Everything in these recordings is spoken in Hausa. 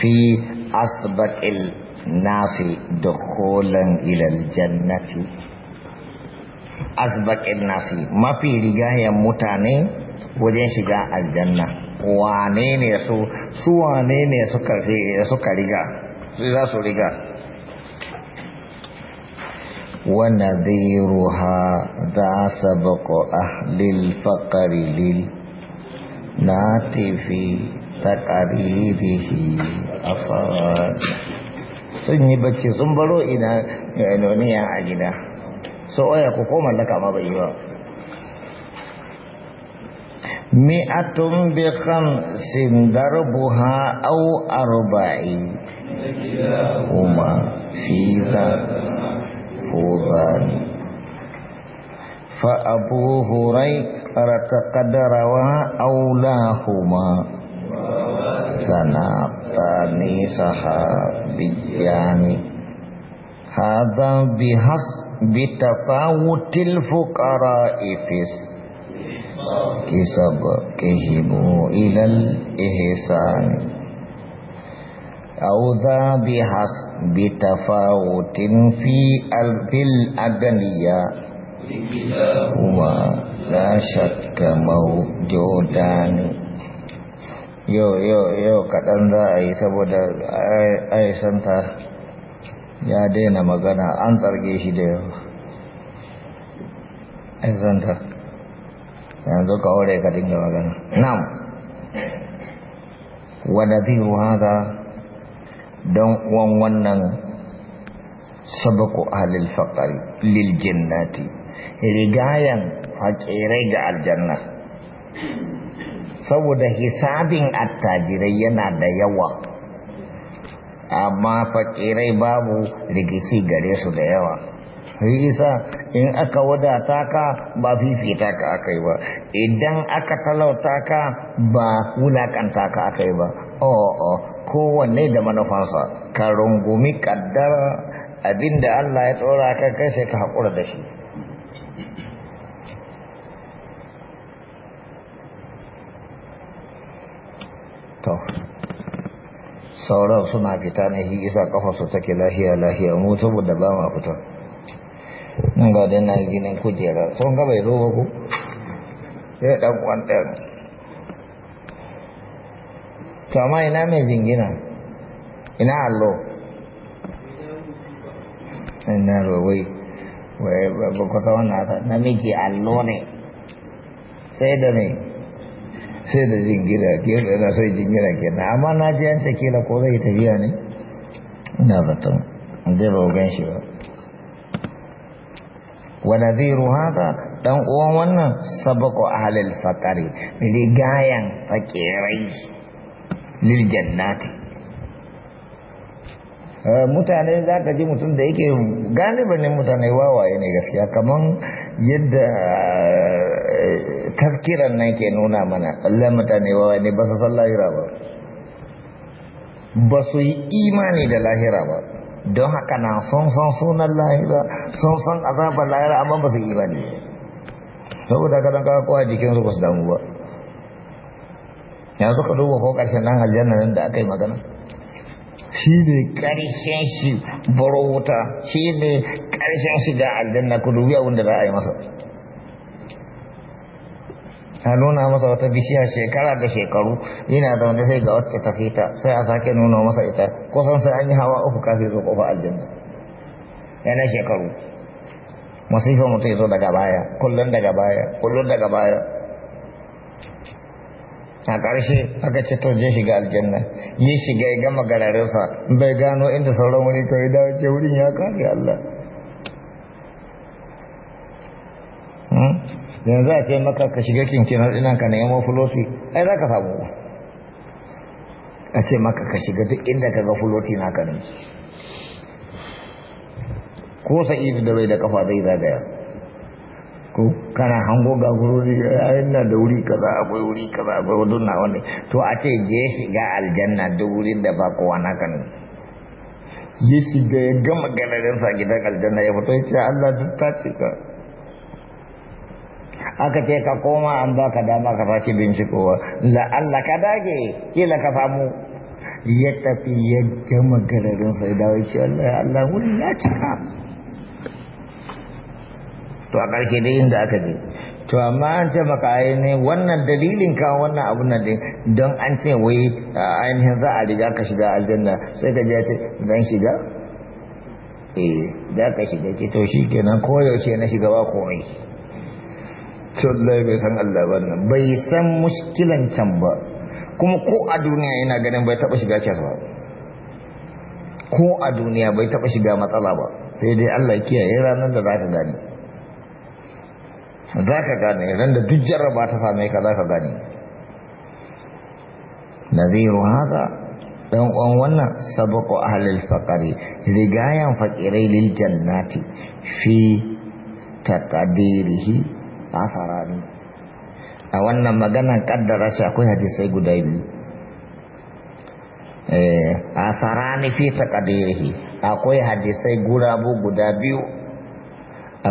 fi asbaqil nasi dukhulan ila aljannati asbaqil nasi mafi rigayen mutane wajen shiga aljanna wane ne su su wane ne suka suka riga za su riga ونذيرها ذا سبق أهل الفقر للنات في taqaribihi apa? sun yi bacci sun baro ina noniya a ya, gida so oya ku ko mallaka ma bai yi ba mi'atun bi khamsin darbuha aw arba'i huma fi fuzan فأبو هريرة قد روى أولاهما ثناقان صحابيان هذا بحسب تفاوت الفقراء في كسبكهم إلى الإحسان أو ذا بحسب تفاوت في في الأغنياء لا شك موجودان yau yau yau kaɗan za a yi saboda aishanta ya daina magana an tsarge shi da yau aishanta yanzu ka hore ka dinga magana nam wadda zihu haka don uwan wannan sabaku ahalil faƙari lil jannati rigayen haƙirai ga aljanna saboda hisabin attajirai yana da yawa amma fakirai babu rikici gare su da yawa hisa in aka wadata ka ba fifita ka aka yi ba idan aka talauta ka ba wulakanta ka aka yi ba o'o kowanne da manufansa ka rungumi kaddara abinda Allah ya tsora ka kai sai ka haƙura da shi to sauran suna fita na shi isa kafarsu take lahiya lahiya mu saboda ba ma fita Nan ga dai na ginin kujera sun ga bai zo ba ku sai dan kwan ɗaya to amma ina mai jingina ina allo ina rawai wai ba ku sa wannan na miki allo ne sai da mai sai da jingira ke da na sai jingira ke na amma na ji an ke kila ko zai tafiya ne ina zaton inda ba gan shi ba wa nadhiru hada dan uwan wannan sabako ahlil faqari rigayan fakirai lil jannati Eh, mutane za ka ji mutum da yake galiban ne mutane wawaye ne gaskiya kamar yadda eh, taskiran nan ke nuna mana Allah mutane wawaye ne ba su san lahira ba ba su yi imani da lahira ba don haka na son son sunan lahira son san azabar lahira amma ba su yi imani saboda ka don kawo kowa su ba su damu ba yanzu ka duba ko karshen nan aljanna nan da aka yi magana shi ne ƙarshen shi baro wuta shi ne ƙarshen ga aljanna ku dubi abin da za a yi masa a nuna masa wata bishiya shekara da shekaru yana zaune sai ga wacce ta sai a sake nuna masa ita kusan sai an yi hawa uku kafin zo kofa aljanna yana shekaru masifa mutum ya zo daga baya kullum daga baya kullum daga baya a ƙarshe aka ce to je shiga aljanna yi shiga ya gama gararinsa bai gano inda sauran wani kawai dawo ce wurin ya kare Allah hmm? yanzu a ce maka ka shiga kinkin ina ka nemo fulosi ai za ka samu a ce maka ka shiga duk inda ka ga fuloti na ka ne ko sa'idu da bai da kafa zai zagaya ko kana hango ga a ina da wuri kaza akwai wuri kaza akwai wadun na wani to a ce je shiga aljanna duk wurin da ba kowa na ne ya shiga ya gama ganarin sa gidan aljanna ya fito ya ce Allah duk ta ce ka aka ce ka koma an ba ka dama ka sake bincikowa la Allah ka dage kila ka samu ya tafi ya gama ganarin sa ya dawo ya ce Allah Allah wuri ya cika to a ƙarshe dai inda aka je to amma an ce maka ainihin wannan dalilin kan wannan abun nan din don an ce wai ainihin za a riga ka shiga aljanna sai ka je ce zan shiga eh za ka shiga ce to shi kenan koyaushe na shiga ba komai Allah bai san Allah ba nan bai san muskilan can ba kuma ko a duniya yana ganin bai taɓa shiga can ba ko a duniya bai taɓa shiga matsala ba sai dai Allah kiyaye ranar da za ka gani za ka gane idan da duk jarraba ta same ka za ka gane naziru haka dan uwan wannan sabaqu ahlil faqari rigayan faqirai lil jannati fi taqdirihi afarani a wannan maganan kaddara shi akwai hadisai guda biyu eh afarani fi taqdirihi akwai hadisai gurabu guda biyu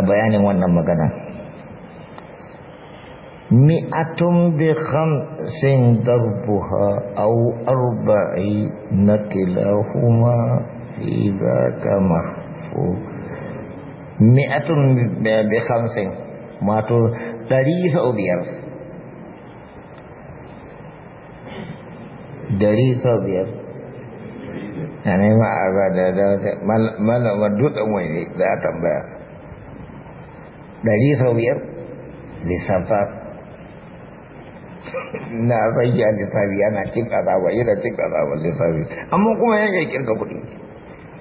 a bayanin wannan maganan mi'atum bi khamsin darbuha aw arba'i nakilahuma idza kama fu mi'atum bi khamsin matu dari sa'u dari sa'u biar ane ma aga da da mal mal tambaya dari sa'u biar li sampai na rage lissafi yana cin yi da cin azaba lissafi amma kuma ya yi kirga kuɗi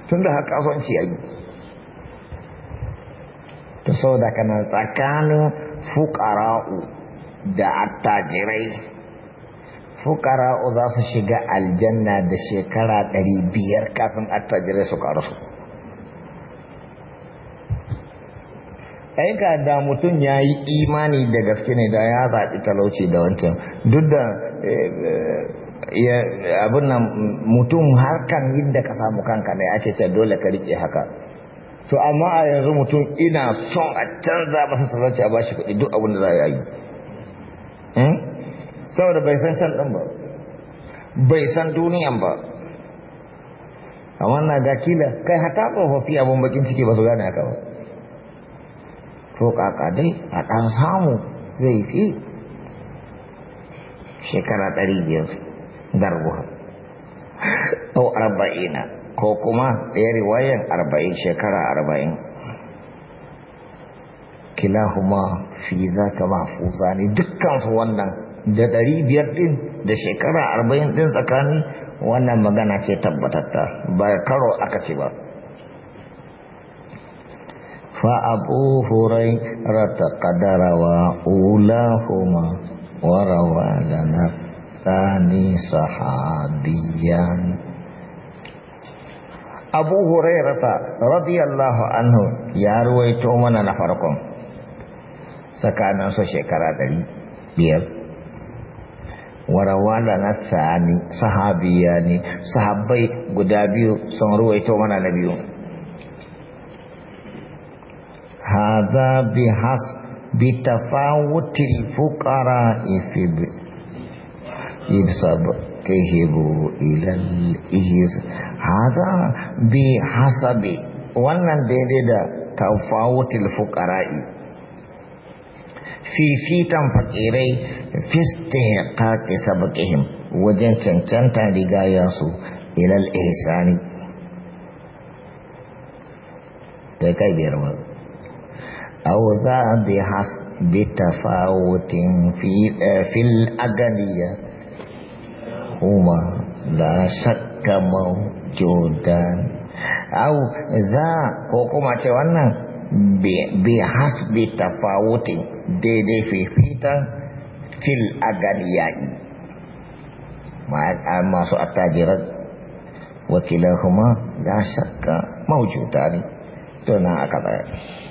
tun da haka kasuwanci ya yi ta sau da kana tsakanin fukara'u da attajirai fukara'u za su shiga aljanna da shekara 500 kafin attajirai su karu Yan ka da mutum ya yi imani da gaske ne da ya zaɓi talauci da wancan duk da eh, abin nan mutum harkan yadda ka samu kanka ne ake ce dole ka riƙe haka to amma a yanzu mutum ina son a canza masa talauci a bashi kuɗi duk abin da za a yi hmm? saboda bai san can ɗin ba bai san duniyan ba a wannan ga kila kai hata tsofaffi abin bakin ciki ba su gane haka ba to kaka dai a ɗan samu zai fi shekara ɗari biyar darbuwa ko arba'ina ko kuma ɗaya riwayar arba'in shekara arba'in kilahuma fi za ka mafuza ne su wannan da ɗari biyar ɗin da shekara arba'in ɗin tsakani wannan magana ce tabbatatta ba karo aka ce ba fa abu hurai rata kadarawa ula huma warawa dana tani sahabiyan abu hurai rata radiyallahu anhu ya to mana na farkon tsakaninsa shekara ɗari biyar warawa da na sahabiyani sahabbai guda biyu sun ruwaito mana na biyu هذا بحسب بتفاوت الفقراء في سبقهم إلى الإيز هذا بحسب wannan daidai da tafawutul fuqara'i fifitan fakirai fistihqaqi sabqihim wajen cancanta rigayansu ilal ihsani أو ذا بحس بتفاوت في, آه، في الأغنية هما لا شك موجودان أو ذا حكومة وانا بحس بتفاوت دي دي في فيتا في الأغنية آه، ما سوء التاجر وكلاهما لا شك موجودان تنا أكبر